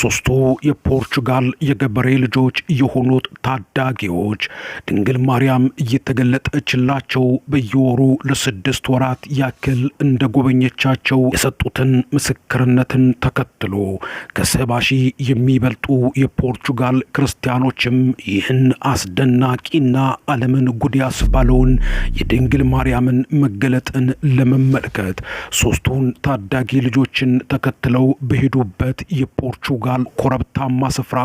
ሶስቱ የፖርቹጋል የገበሬ ልጆች የሆኑት ታዳጊዎች ድንግል ማርያም እየተገለጠችላቸው በየወሩ ለስድስት ወራት ያክል እንደ ጎበኘቻቸው የሰጡትን ምስክርነትን ተከትሎ ከሰባ ሺህ የሚበልጡ የፖርቹጋል ክርስቲያኖችም ይህን አስደናቂና ዓለምን ጉድ ያስባለውን የድንግል ማርያምን መገለጥን ለመመልከት ሶስቱን ታዳጊ ልጆችን ተከትለው በሄዱበት የፖርቹጋል ፖርቱጋል ኮረብታማ ስፍራ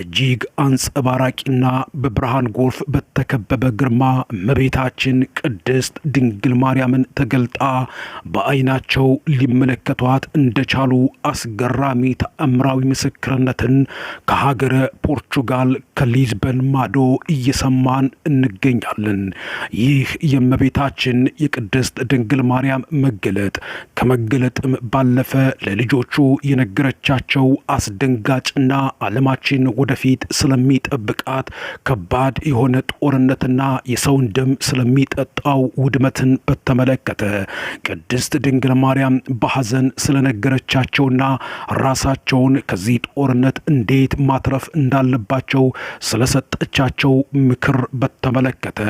እጅግ አንጸባራቂና በብርሃን ጎርፍ በተከበበ ግርማ እመቤታችን ቅድስት ድንግል ማርያምን ተገልጣ በዓይናቸው ሊመለከቷት እንደቻሉ አስገራሚ ተአምራዊ ምስክርነትን ከሀገረ ፖርቹጋል ከሊዝበን ማዶ እየሰማን እንገኛለን። ይህ የእመቤታችን የቅድስት ድንግል ማርያም መገለጥ ከመገለጥም ባለፈ ለልጆቹ የነገረቻቸው አስ አስደንጋጭና ዓለማችን ወደፊት ስለሚጠብቃት ከባድ የሆነ ጦርነትና የሰውን ደም ስለሚጠጣው ውድመትን በተመለከተ ቅድስት ድንግል ማርያም በሐዘን ስለነገረቻቸውና ራሳቸውን ከዚህ ጦርነት እንዴት ማትረፍ እንዳለባቸው ስለሰጠቻቸው ምክር በተመለከተ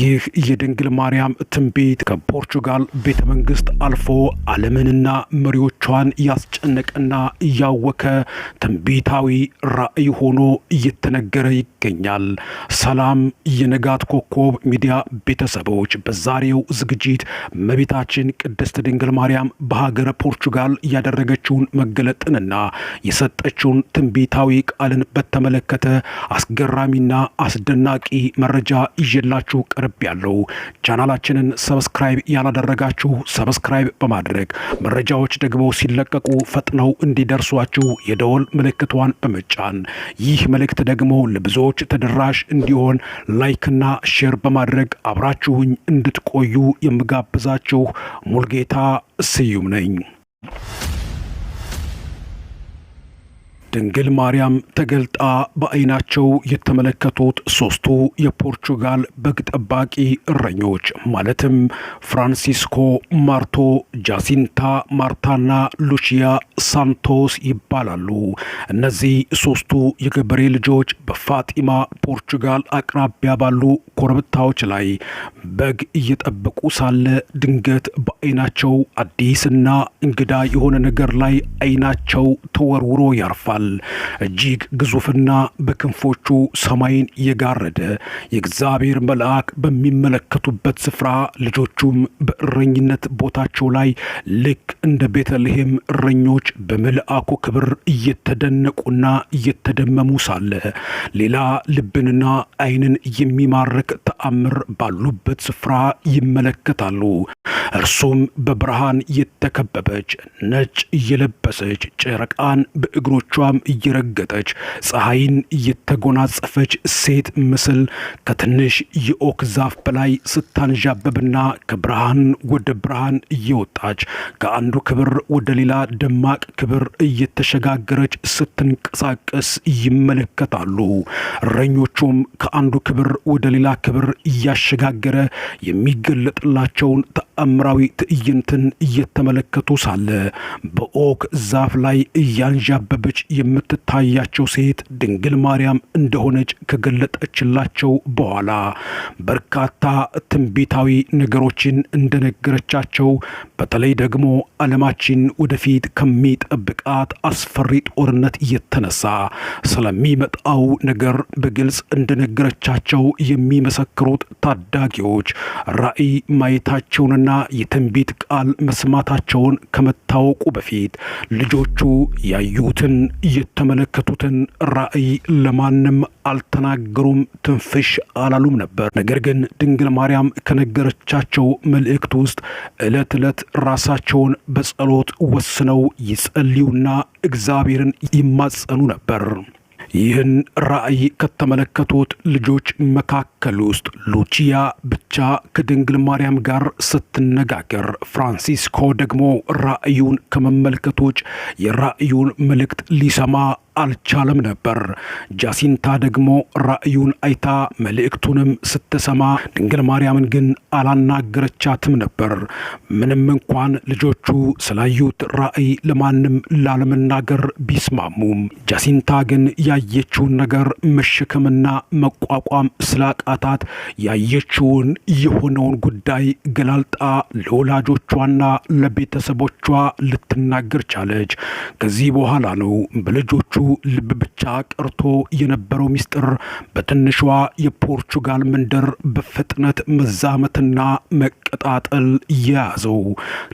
ይህ የድንግል ማርያም ትንቢት ከፖርቹጋል ቤተ መንግስት አልፎ ዓለምንና መሪዎቿን ያስጨነቀና እያወከ ትንቢታዊ ራዕይ ሆኖ እየተነገረ ይገኛል። ሰላም የንጋት ኮከብ ሚዲያ ቤተሰቦች፣ በዛሬው ዝግጅት እመቤታችን ቅድስት ድንግል ማርያም በሀገረ ፖርቹጋል ያደረገችውን መገለጥንና የሰጠችውን ትንቢታዊ ቃልን በተመለከተ አስገራሚና አስደናቂ መረጃ ይዤላችሁ ቅርብ ያለው ቻናላችንን ሰብስክራይብ ያላደረጋችሁ ሰብስክራይብ በማድረግ መረጃዎች ደግሞ ሲለቀቁ ፈጥነው እንዲደርሷችሁ የደወል የደወል ምልክቷን በመጫን ይህ መልእክት ደግሞ ለብዙዎች ተደራሽ እንዲሆን ላይክና ሼር በማድረግ አብራችሁኝ እንድትቆዩ የምጋብዛችሁ ሙልጌታ ስዩም ነኝ። ድንግል ማርያም ተገልጣ በዓይናቸው የተመለከቱት ሦስቱ የፖርቹጋል በግ ጠባቂ እረኞች ማለትም ፍራንሲስኮ፣ ማርቶ፣ ጃሲንታ፣ ማርታና ሉሺያ ሳንቶስ ይባላሉ። እነዚህ ሦስቱ የገበሬ ልጆች በፋጢማ ፖርቹጋል አቅራቢያ ባሉ ኮረብታዎች ላይ በግ እየጠበቁ ሳለ ድንገት በዓይናቸው አዲስና እንግዳ የሆነ ነገር ላይ ዓይናቸው ተወርውሮ ያርፋል። ይመስላል። እጅግ ግዙፍና በክንፎቹ ሰማይን የጋረደ የእግዚአብሔር መልአክ በሚመለከቱበት ስፍራ ልጆቹም በእረኝነት ቦታቸው ላይ ልክ እንደ ቤተልሔም እረኞች በመልአኩ ክብር እየተደነቁና እየተደመሙ ሳለ ሌላ ልብንና ዓይንን የሚማርክ ተአምር ባሉበት ስፍራ ይመለከታሉ። እርሱም በብርሃን የተከበበች ነጭ እየለበሰች ጨረቃን በእግሮቿ አበባም እየረገጠች ፀሐይን እየተጎናጸፈች ሴት ምስል ከትንሽ የኦክ ዛፍ በላይ ስታንዣበብና ከብርሃን ወደ ብርሃን እየወጣች ከአንዱ ክብር ወደ ሌላ ደማቅ ክብር እየተሸጋገረች ስትንቀሳቀስ ይመለከታሉ። እረኞቹም ከአንዱ ክብር ወደ ሌላ ክብር እያሸጋገረ የሚገለጥላቸውን ተአምራዊ ትዕይንትን እየተመለከቱ ሳለ በኦክ ዛፍ ላይ እያንዣበበች የምትታያቸው ሴት ድንግል ማርያም እንደሆነች ከገለጠችላቸው በኋላ በርካታ ትንቢታዊ ነገሮችን እንደነገረቻቸው በተለይ ደግሞ ዓለማችን ወደፊት ከሚጠብቃት አስፈሪ ጦርነት የተነሳ ስለሚመጣው ነገር በግልጽ እንደነገረቻቸው የሚመሰክሩት ታዳጊዎች ራዕይ ማየታቸውንና ና የትንቢት ቃል መስማታቸውን ከመታወቁ በፊት ልጆቹ ያዩትን የተመለከቱትን ራእይ ለማንም አልተናገሩም፣ ትንፍሽ አላሉም ነበር። ነገር ግን ድንግል ማርያም ከነገረቻቸው መልእክት ውስጥ ዕለት ዕለት ራሳቸውን በጸሎት ወስነው ይጸልዩና እግዚአብሔርን ይማጸኑ ነበር። ይህን ራእይ ከተመለከቱት ልጆች መካከል ውስጥ ሉቺያ ብቻ ከድንግል ማርያም ጋር ስትነጋገር፣ ፍራንሲስኮ ደግሞ ራእዩን ከመመልከት ውጭ የራእዩን መልእክት ሊሰማ አልቻለም ነበር። ጃሲንታ ደግሞ ራእዩን አይታ መልእክቱንም ስትሰማ ድንግል ማርያምን ግን አላናገረቻትም ነበር። ምንም እንኳን ልጆቹ ስላዩት ራእይ ለማንም ላለመናገር ቢስማሙም ጃሲንታ ግን ያ ያየችውን ነገር መሸከምና መቋቋም ስላቃታት ያየችውን የሆነውን ጉዳይ ገላልጣ ለወላጆቿና ለቤተሰቦቿ ልትናገር ቻለች። ከዚህ በኋላ ነው በልጆቹ ልብ ብቻ ቀርቶ የነበረው ምስጢር በትንሿ የፖርቹጋል መንደር በፍጥነት መዛመትና መቀጣጠል የያዘው።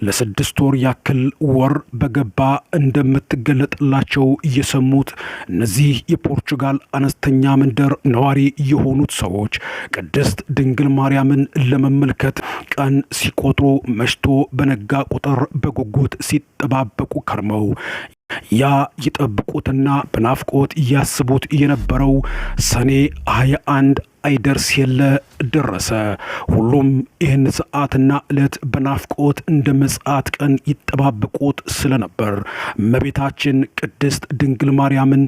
ለስድስት ወር ያክል ወር በገባ እንደምትገለጥላቸው የሰሙት እነዚህ የፖርቹጋል አነስተኛ መንደር ነዋሪ የሆኑት ሰዎች ቅድስት ድንግል ማርያምን ለመመልከት ቀን ሲቆጥሩ መሽቶ በነጋ ቁጥር በጉጉት ሲጠባበቁ ከርመው ያ ይጠብቁትና በናፍቆት ያስቡት የነበረው ሰኔ 21 አይደርስ የለ ደረሰ። ሁሉም ይህን ሰዓትና ዕለት በናፍቆት እንደ ምጽአት ቀን ይጠባበቁት ስለነበር እመቤታችን ቅድስት ድንግል ማርያምን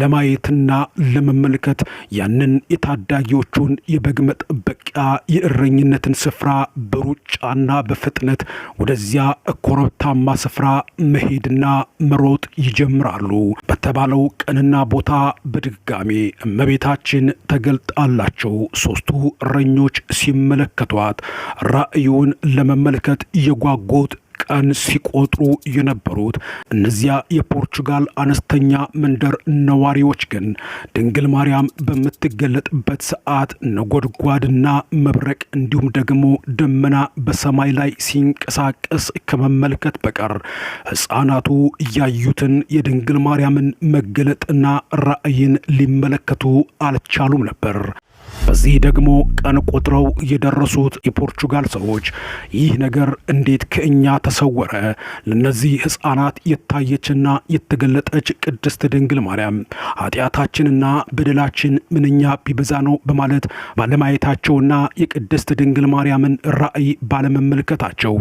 ለማየትና ለመመልከት ያንን የታዳጊዎቹን የበግ መጠበቂያ የእረኝነትን ስፍራ በሩጫና በፍጥነት ወደዚያ ኮረብታማ ስፍራ መሄድና መሮጥ ይጀምራሉ። በተባለው ቀንና ቦታ በድጋሜ እመቤታችን ተገልጣላቸው። ያላቸው ሶስቱ እረኞች ሲመለከቷት ራእዩን ለመመልከት የጓጉት ቀን ሲቆጥሩ የነበሩት እነዚያ የፖርቹጋል አነስተኛ መንደር ነዋሪዎች ግን ድንግል ማርያም በምትገለጥበት ሰዓት ነጎድጓድና መብረቅ እንዲሁም ደግሞ ደመና በሰማይ ላይ ሲንቀሳቀስ ከመመልከት በቀር ሕፃናቱ ያዩትን የድንግል ማርያምን መገለጥና ራእይን ሊመለከቱ አልቻሉም ነበር። በዚህ ደግሞ ቀን ቆጥረው የደረሱት የፖርቹጋል ሰዎች ይህ ነገር እንዴት ከእኛ ተሰወረ? ለእነዚህ ሕፃናት የታየችና የተገለጠች ቅድስት ድንግል ማርያም ኃጢአታችንና በደላችን ምንኛ ቢበዛ ነው በማለት ባለማየታቸውና የቅድስት ድንግል ማርያምን ራእይ ባለመመልከታቸው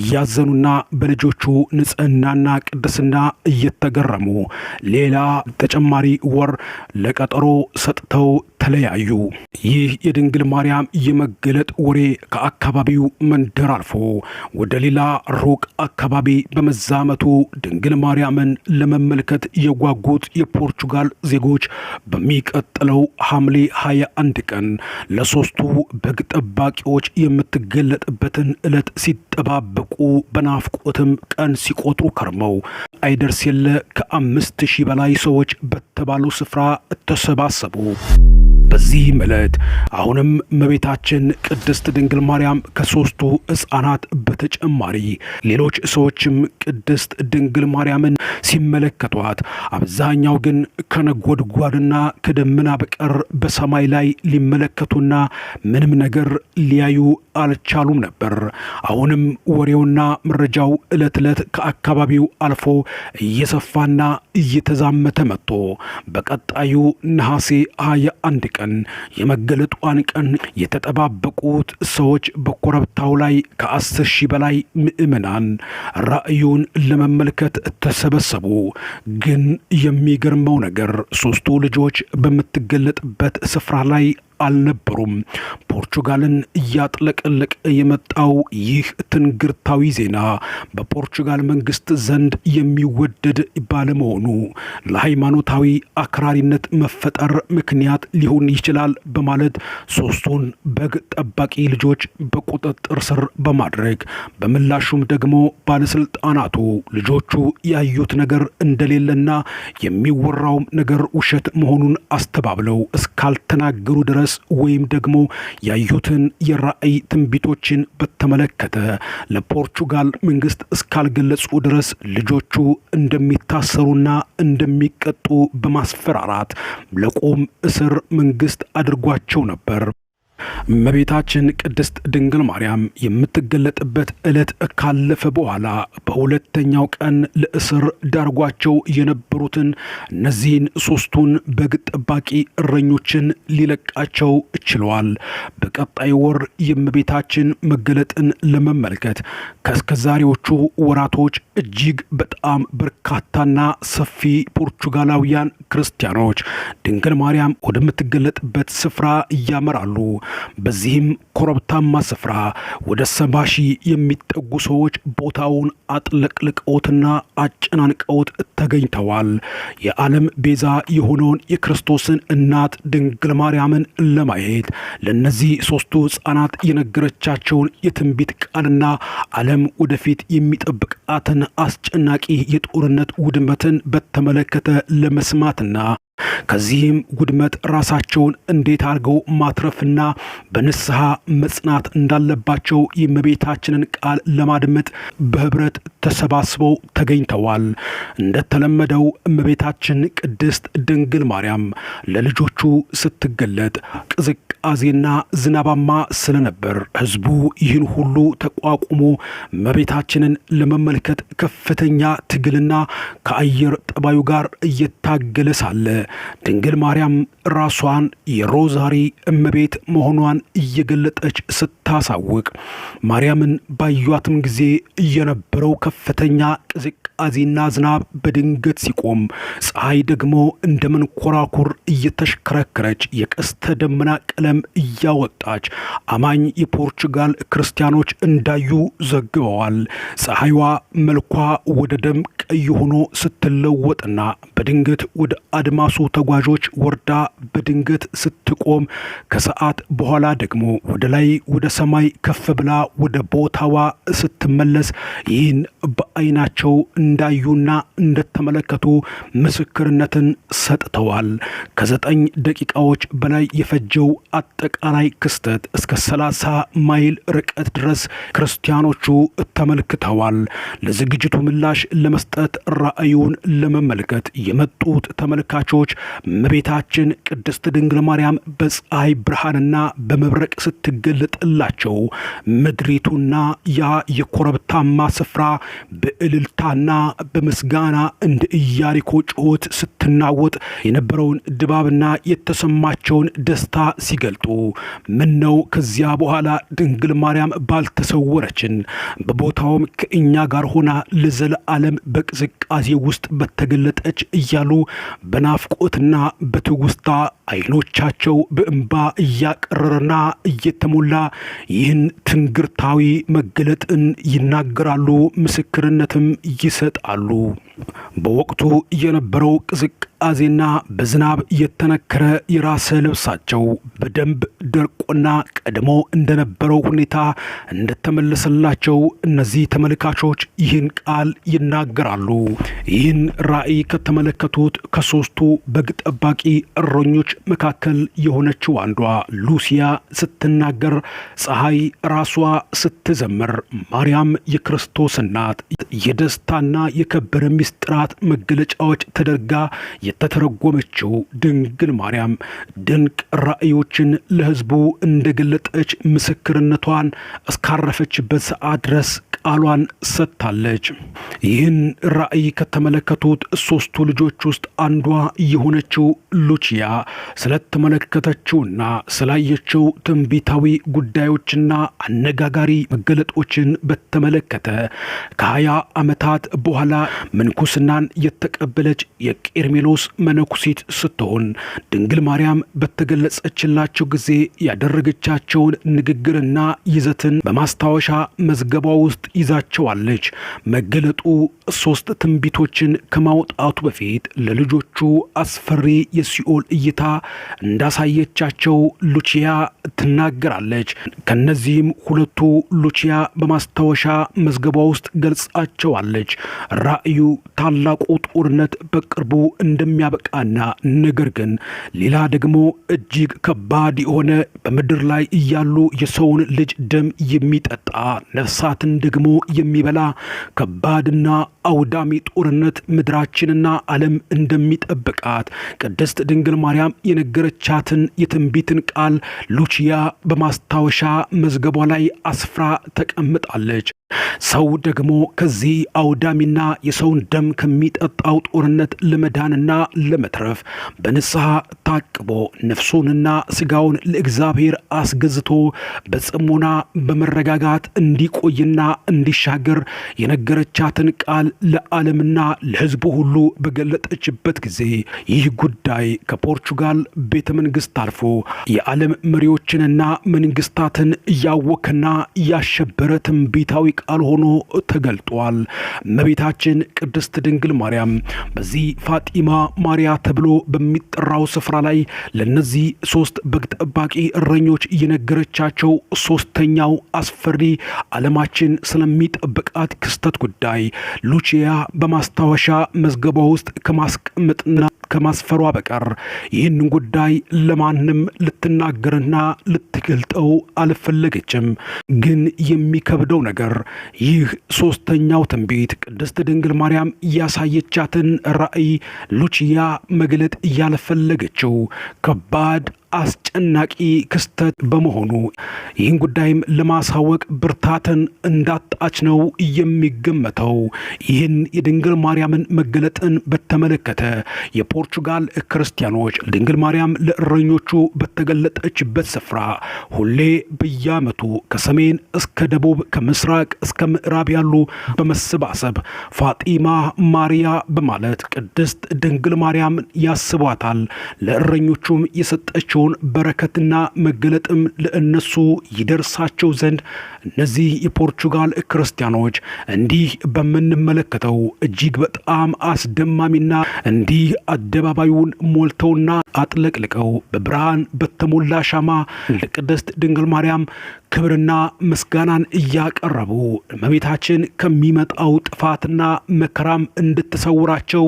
እያዘኑና በልጆቹ ንጽህናና ቅድስና እየተገረሙ ሌላ ተጨማሪ ወር ለቀጠሮ ሰጥተው ተለያዩ። ይህ የድንግል ማርያም የመገለጥ ወሬ ከአካባቢው መንደር አልፎ ወደ ሌላ ሩቅ አካባቢ በመዛመቱ ድንግል ማርያምን ለመመልከት የጓጉት የፖርቹጋል ዜጎች በሚቀጥለው ሐምሌ 21 ቀን ለሶስቱ በግ ጠባቂዎች የምትገለጥበትን ዕለት ሲጠባበቁ በናፍቆትም ቀን ሲቆጥሩ ከርመው አይደርስ የለ ከአምስት ሺህ በላይ ሰዎች በተባለው ስፍራ ተሰባሰቡ። በዚህም ዕለት አሁንም እመቤታችን ቅድስት ድንግል ማርያም ከሶስቱ ሕፃናት በተጨማሪ ሌሎች ሰዎችም ቅድስት ድንግል ማርያምን ሲመለከቷት፣ አብዛኛው ግን ከነጎድጓድና ከደመና በቀር በሰማይ ላይ ሊመለከቱና ምንም ነገር ሊያዩ አልቻሉም ነበር። አሁንም ወሬውና መረጃው ዕለት ዕለት ከአካባቢው አልፎ እየሰፋና እየተዛመተ መጥቶ በቀጣዩ ነሐሴ 21 ቀን የመገለጧን ቀን የተጠባበቁት ሰዎች በኮረብታው ላይ ከአስር ሺህ በላይ ምእመናን ራእዩን ለመመልከት ተሰበሰቡ። ግን የሚገርመው ነገር ሶስቱ ልጆች በምትገለጥበት ስፍራ ላይ አልነበሩም። ፖርቹጋልን እያጥለቀለቀ የመጣው ይህ ትንግርታዊ ዜና በፖርቹጋል መንግስት ዘንድ የሚወደድ ባለመሆኑ ለሃይማኖታዊ አክራሪነት መፈጠር ምክንያት ሊሆን ይችላል በማለት ሶስቱን በግ ጠባቂ ልጆች በቁጥጥር ስር በማድረግ በምላሹም ደግሞ ባለስልጣናቱ ልጆቹ ያዩት ነገር እንደሌለና የሚወራውም ነገር ውሸት መሆኑን አስተባብለው እስካልተናገሩ ድረስ በመጥቀስ ወይም ደግሞ ያዩትን የራእይ ትንቢቶችን በተመለከተ ለፖርቹጋል መንግስት እስካልገለጹ ድረስ ልጆቹ እንደሚታሰሩና እንደሚቀጡ በማስፈራራት ለቁም እስር መንግስት አድርጓቸው ነበር። እመቤታችን ቅድስት ድንግል ማርያም የምትገለጥበት ዕለት ካለፈ በኋላ በሁለተኛው ቀን ለእስር ዳርጓቸው የነበሩትን እነዚህን ሦስቱን በግ ጠባቂ እረኞችን ሊለቃቸው ችሏል። በቀጣይ ወር የእመቤታችን መገለጥን ለመመልከት ከእስከዛሬዎቹ ወራቶች እጅግ በጣም በርካታና ሰፊ ፖርቹጋላውያን ክርስቲያኖች ድንግል ማርያም ወደምትገለጥበት ስፍራ እያመራሉ። በዚህም ኮረብታማ ስፍራ ወደ ሰባ ሺህ የሚጠጉ ሰዎች ቦታውን አጥለቅልቀውትና አጨናንቀውት ተገኝተዋል። የዓለም ቤዛ የሆነውን የክርስቶስን እናት ድንግል ማርያምን ለማየት ለእነዚህ ሦስቱ ሕፃናት የነገረቻቸውን የትንቢት ቃልና ዓለም ወደፊት የሚጠብቃትን አስጨናቂ የጦርነት ውድመትን በተመለከተ ለመስማትና ከዚህም ውድመት ራሳቸውን እንዴት አድርገው ማትረፍና በንስሐ መጽናት እንዳለባቸው የእመቤታችንን ቃል ለማድመጥ በህብረት ተሰባስበው ተገኝተዋል። እንደተለመደው እመቤታችን ቅድስት ድንግል ማርያም ለልጆቹ ስትገለጥ ቅዝቃዜና ዝናባማ ስለነበር ህዝቡ ይህን ሁሉ ተቋቁሞ እመቤታችንን ለመመልከት ከፍተኛ ትግልና ከአየር ጠባዩ ጋር እየታገለ ሳለ ድንግል ማርያም ራሷን የሮዛሪ እመቤት መሆኗን እየገለጠች ስታሳውቅ ማርያምን ባዩዋትም ጊዜ እየነበረው ከፍተኛ ቅዝቃዜና ዝናብ በድንገት ሲቆም፣ ፀሐይ ደግሞ እንደ መንኮራኩር እየተሽከረከረች የቀስተ ደመና ቀለም እያወጣች አማኝ የፖርቹጋል ክርስቲያኖች እንዳዩ ዘግበዋል። ፀሐይዋ መልኳ ወደ ደም ቀይ ሆኖ ስትለወጥና በድንገት ወደ አድማሱ ተጓዦች ወርዳ በድንገት ስትቆም ከሰዓት በኋላ ደግሞ ወደ ላይ ወደ ሰማይ ከፍ ብላ ወደ ቦታዋ ስትመለስ ይህን በአይናቸው እንዳዩና እንደተመለከቱ ምስክርነትን ሰጥተዋል። ከዘጠኝ ደቂቃዎች በላይ የፈጀው አጠቃላይ ክስተት እስከ 30 ማይል ርቀት ድረስ ክርስቲያኖቹ ተመልክተዋል። ለዝግጅቱ ምላሽ ለመስጠት ራዕዩን ለመመልከት የመጡት ተመልካቾች ሰዎች እመቤታችን ቅድስት ድንግል ማርያም በፀሐይ ብርሃንና በመብረቅ ስትገለጥላቸው ምድሪቱና ያ የኮረብታማ ስፍራ በእልልታና በምስጋና እንደ ኢያሪኮ ጩኸት ስትናወጥ የነበረውን ድባብና የተሰማቸውን ደስታ ሲገልጡ ምን ነው ከዚያ በኋላ ድንግል ማርያም ባልተሰወረችን በቦታውም ከእኛ ጋር ሆና ለዘለዓለም በቅዝቃዜ ውስጥ በተገለጠች እያሉ በናፍቆ በናፍቆትና በትውስታ አይኖቻቸው በእንባ እያቀረረና እየተሞላ ይህን ትንግርታዊ መገለጥን ይናገራሉ፣ ምስክርነትም ይሰጣሉ። በወቅቱ የነበረው ቅዝቅ ቅዝቃዜና በዝናብ የተነከረ የራሰ ልብሳቸው በደንብ ደርቆና ቀድሞ እንደነበረው ሁኔታ እንደተመለሰላቸው እነዚህ ተመልካቾች ይህን ቃል ይናገራሉ። ይህን ራዕይ ከተመለከቱት ከሶስቱ በግ ጠባቂ እረኞች መካከል የሆነችው አንዷ ሉሲያ ስትናገር፣ ፀሐይ ራሷ ስትዘምር፣ ማርያም የክርስቶስ እናት የደስታና የከበረ ሚስጥራት መገለጫዎች ተደርጋ የተተረጎመችው ድንግል ማርያም ድንቅ ራእዮችን ለሕዝቡ እንደገለጠች ምስክርነቷን እስካረፈችበት ሰዓት ድረስ ቃሏን ሰጥታለች። ይህን ራእይ ከተመለከቱት ሶስቱ ልጆች ውስጥ አንዷ የሆነችው ሉቺያ ስለተመለከተችውና ስላየችው ትንቢታዊ ጉዳዮችና አነጋጋሪ መገለጦችን በተመለከተ ከሀያ ዓመታት በኋላ ምንኩስናን የተቀበለች የቄርሜሎስ ቅዱስ መነኩሲት ስትሆን ድንግል ማርያም በተገለጸችላቸው ጊዜ ያደረገቻቸውን ንግግርና ይዘትን በማስታወሻ መዝገቧ ውስጥ ይዛቸዋለች። መገለጡ ሶስት ትንቢቶችን ከማውጣቱ በፊት ለልጆቹ አስፈሪ የሲኦል እይታ እንዳሳየቻቸው ሉቺያ ትናገራለች። ከነዚህም ሁለቱ ሉቺያ በማስታወሻ መዝገቧ ውስጥ ገልጻቸዋለች። ራእዩ ታላቁ ጦርነት በቅርቡ እንደ የሚያበቃና ነገር ግን ሌላ ደግሞ እጅግ ከባድ የሆነ በምድር ላይ እያሉ የሰውን ልጅ ደም የሚጠጣ ነፍሳትን ደግሞ የሚበላ ከባድና አውዳሚ ጦርነት ምድራችንና ዓለም እንደሚጠብቃት ቅድስት ድንግል ማርያም የነገረቻትን የትንቢትን ቃል ሉቺያ በማስታወሻ መዝገቧ ላይ አስፍራ ተቀምጣለች። ሰው ደግሞ ከዚህ አውዳሚና የሰውን ደም ከሚጠጣው ጦርነት ለመዳንና ለመትረፍ በንስሐ ታቅቦ ነፍሱንና ስጋውን ለእግዚአብሔር አስገዝቶ በጽሞና በመረጋጋት እንዲቆይና እንዲሻገር የነገረቻትን ቃል ለዓለምና ለሕዝቡ ሁሉ በገለጠችበት ጊዜ ይህ ጉዳይ ከፖርቹጋል ቤተ መንግስት አልፎ የዓለም መሪዎችንና መንግስታትን እያወከና እያሸበረ ትንቢታዊ ቃል ሆኖ ተገልጧል። እመቤታችን ቅድስት ድንግል ማርያም በዚህ ፋጢማ ማርያ ተብሎ በሚጠራው ስፍራ ላይ ለእነዚህ ሶስት በግ ጠባቂ እረኞች የነገረቻቸው ሶስተኛው አስፈሪ ዓለማችን ስለሚጠብቃት ክስተት ጉዳይ ሉቺያ በማስታወሻ መዝገቧ ውስጥ ከማስቀመጥና ከማስፈሯ በቀር ይህንን ጉዳይ ለማንም ልትናገርና ልትገልጠው አልፈለገችም። ግን የሚከብደው ነገር ይህ ሶስተኛው ትንቢት ቅድስት ድንግል ማርያም ያሳየቻትን ራዕይ ሉቺያ መግለጥ እያልፈለገችው ከባድ አስጨናቂ ክስተት በመሆኑ ይህን ጉዳይም ለማሳወቅ ብርታትን እንዳጣች ነው የሚገመተው። ይህን የድንግል ማርያምን መገለጥን በተመለከተ የፖርቹጋል ክርስቲያኖች ድንግል ማርያም ለእረኞቹ በተገለጠችበት ስፍራ ሁሌ በየዓመቱ ከሰሜን እስከ ደቡብ ከምስራቅ እስከ ምዕራብ ያሉ በመሰባሰብ ፋጢማ ማርያ በማለት ቅድስት ድንግል ማርያም ያስቧታል። ለእረኞቹም የሰጠችው ያላቸውን በረከትና መገለጥም ለእነሱ ይደርሳቸው ዘንድ እነዚህ የፖርቹጋል ክርስቲያኖች እንዲህ በምንመለከተው እጅግ በጣም አስደማሚና እንዲህ አደባባዩን ሞልተውና አጥለቅልቀው በብርሃን በተሞላ ሻማ ለቅድስት ድንግል ማርያም ክብርና ምስጋናን እያቀረቡ እመቤታችን ከሚመጣው ጥፋትና መከራም እንድትሰውራቸው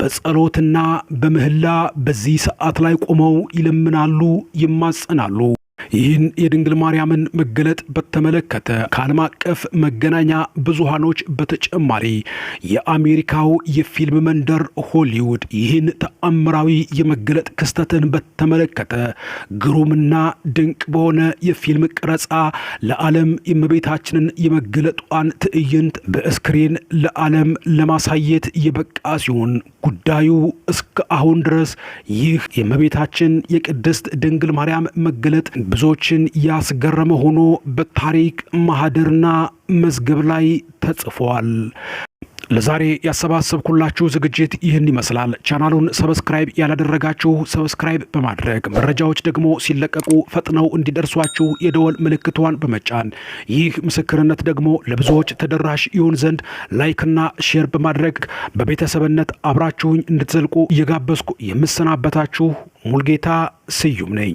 በጸሎትና በምህላ በዚህ ሰዓት ላይ ቆመው ይለምናሉ፣ ይማጸናሉ። ይህን የድንግል ማርያምን መገለጥ በተመለከተ ከዓለም አቀፍ መገናኛ ብዙሃኖች በተጨማሪ የአሜሪካው የፊልም መንደር ሆሊውድ ይህን ተአምራዊ የመገለጥ ክስተትን በተመለከተ ግሩምና ድንቅ በሆነ የፊልም ቀረጻ ለዓለም የእመቤታችንን የመገለጧን ትዕይንት በስክሪን ለዓለም ለማሳየት የበቃ ሲሆን ጉዳዩ እስከ አሁን ድረስ ይህ የእመቤታችን የቅድስት ድንግል ማርያም መገለጥ ብዙ ብዙዎችን ያስገረመ ሆኖ በታሪክ ማህደርና መዝገብ ላይ ተጽፏል። ለዛሬ ያሰባሰብኩላችሁ ዝግጅት ይህን ይመስላል። ቻናሉን ሰብስክራይብ ያላደረጋችሁ ሰብስክራይብ በማድረግ መረጃዎች ደግሞ ሲለቀቁ ፈጥነው እንዲደርሷችሁ የደወል ምልክቷን በመጫን ይህ ምስክርነት ደግሞ ለብዙዎች ተደራሽ ይሆን ዘንድ ላይክና ሼር በማድረግ በቤተሰብነት አብራችሁኝ እንድትዘልቁ እየጋበዝኩ የምሰናበታችሁ ሙልጌታ ስዩም ነኝ።